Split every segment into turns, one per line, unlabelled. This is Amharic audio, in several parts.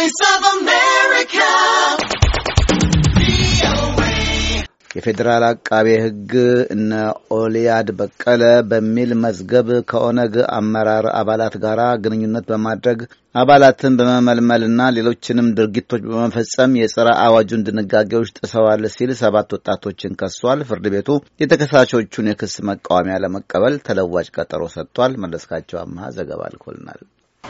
Voice of America. የፌዴራል አቃቤ ሕግ እነ ኦልያድ በቀለ በሚል መዝገብ ከኦነግ አመራር አባላት ጋር ግንኙነት በማድረግ አባላትን በመመልመልና ሌሎችንም ድርጊቶች በመፈጸም የጸረ አዋጁን ድንጋጌዎች ጥሰዋል ሲል ሰባት ወጣቶችን ከሷል። ፍርድ ቤቱ የተከሳሾቹን የክስ መቃወሚያ ለመቀበል ተለዋጭ ቀጠሮ ሰጥቷል። መለስካቸው አምሃ ዘገባ አልኮልናል።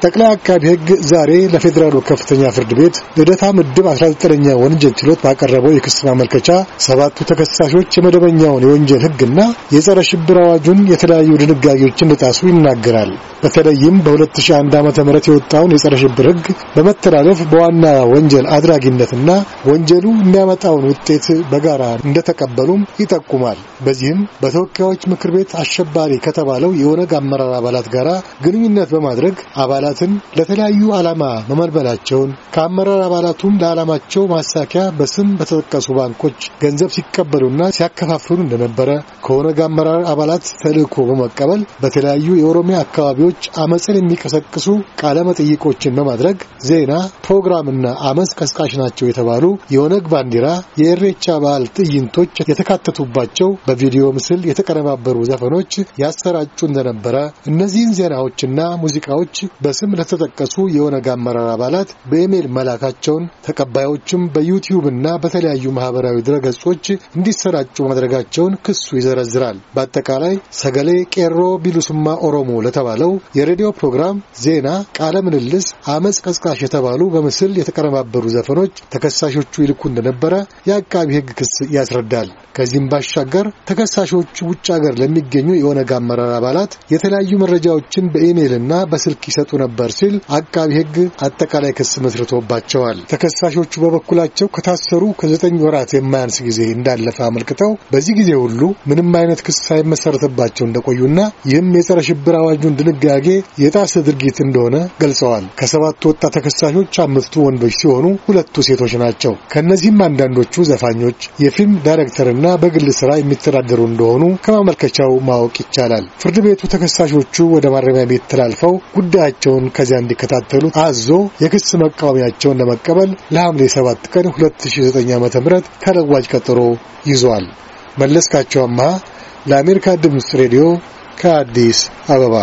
ጠቅላይ አቃቢ ሕግ ዛሬ ለፌዴራሉ ከፍተኛ ፍርድ ቤት ልደታ ምድብ 19ኛ ወንጀል ችሎት ባቀረበው የክስ ማመልከቻ ሰባቱ ተከሳሾች የመደበኛውን የወንጀል ሕግና የጸረ ሽብር አዋጁን የተለያዩ ድንጋጌዎች እንደጣሱ ይናገራል። በተለይም በ2001 ዓ ም የወጣውን የጸረ ሽብር ሕግ በመተላለፍ በዋና ወንጀል አድራጊነትና ወንጀሉ የሚያመጣውን ውጤት በጋራ እንደተቀበሉም ይጠቁማል። በዚህም በተወካዮች ምክር ቤት አሸባሪ ከተባለው የኦነግ አመራር አባላት ጋራ ግንኙነት በማድረግ አ። አባላትን ለተለያዩ ዓላማ መመልመላቸውን ከአመራር አባላቱም ለዓላማቸው ማሳኪያ በስም በተጠቀሱ ባንኮች ገንዘብ ሲቀበሉና ሲያከፋፍሉ እንደነበረ ከኦነግ አመራር አባላት ተልእኮ በመቀበል በተለያዩ የኦሮሚያ አካባቢዎች አመፅን የሚቀሰቅሱ ቃለ መጠይቆችን በማድረግ ዜና፣ ፕሮግራምና አመፅ ቀስቃሽ ናቸው የተባሉ የኦነግ ባንዲራ፣ የእሬቻ በዓል ትዕይንቶች የተካተቱባቸው በቪዲዮ ምስል የተቀነባበሩ ዘፈኖች ያሰራጩ እንደነበረ እነዚህን ዜናዎችና ሙዚቃዎች በ በስም ለተጠቀሱ የኦነግ አመራር አባላት በኢሜይል መላካቸውን ተቀባዮችም እና በተለያዩ ማህበራዊ ድረገጾች እንዲሰራጩ ማድረጋቸውን ክሱ ይዘረዝራል። በአጠቃላይ ሰገሌ ቄሮ ቢሉስማ ኦሮሞ ለተባለው የሬዲዮ ፕሮግራም ዜና፣ ቃለ ምልልስ፣ አመፅ ቀስቃሽ የተባሉ በምስል የተቀነባበሩ ዘፈኖች ተከሳሾቹ ይልኩ እንደነበረ የአቃቢ ህግ ክስ ያስረዳል። ከዚህም ባሻገር ተከሳሾቹ ውጭ ሀገር ለሚገኙ የኦነግ አመራር አባላት የተለያዩ መረጃዎችን በኢሜይልና በስልክ ይሰጡ ነበር ሲል አቃቢ ሕግ አጠቃላይ ክስ መስርቶባቸዋል። ተከሳሾቹ በበኩላቸው ከታሰሩ ከዘጠኝ ወራት የማያንስ ጊዜ እንዳለፈ አመልክተው በዚህ ጊዜ ሁሉ ምንም አይነት ክስ ሳይመሰረትባቸው እንደቆዩና ይህም የጸረ ሽብር አዋጁን ድንጋጌ የጣሰ ድርጊት እንደሆነ ገልጸዋል። ከሰባቱ ወጣት ተከሳሾች አምስቱ ወንዶች ሲሆኑ ሁለቱ ሴቶች ናቸው። ከእነዚህም አንዳንዶቹ ዘፋኞች፣ የፊልም ዳይሬክተርና በግል ስራ የሚተዳደሩ እንደሆኑ ከማመልከቻው ማወቅ ይቻላል። ፍርድ ቤቱ ተከሳሾቹ ወደ ማረሚያ ቤት ተላልፈው ጉዳያቸው ጉዳያቸውን ከዚያ እንዲከታተሉ አዞ የክስ መቃወሚያቸውን ለመቀበል ለሐምሌ 7 ቀን 2009 ዓ.ም ተለዋጭ ቀጠሮ ይዟል። መለስካቸው አምሃ ለአሜሪካ ድምፅ ሬዲዮ ከአዲስ አበባ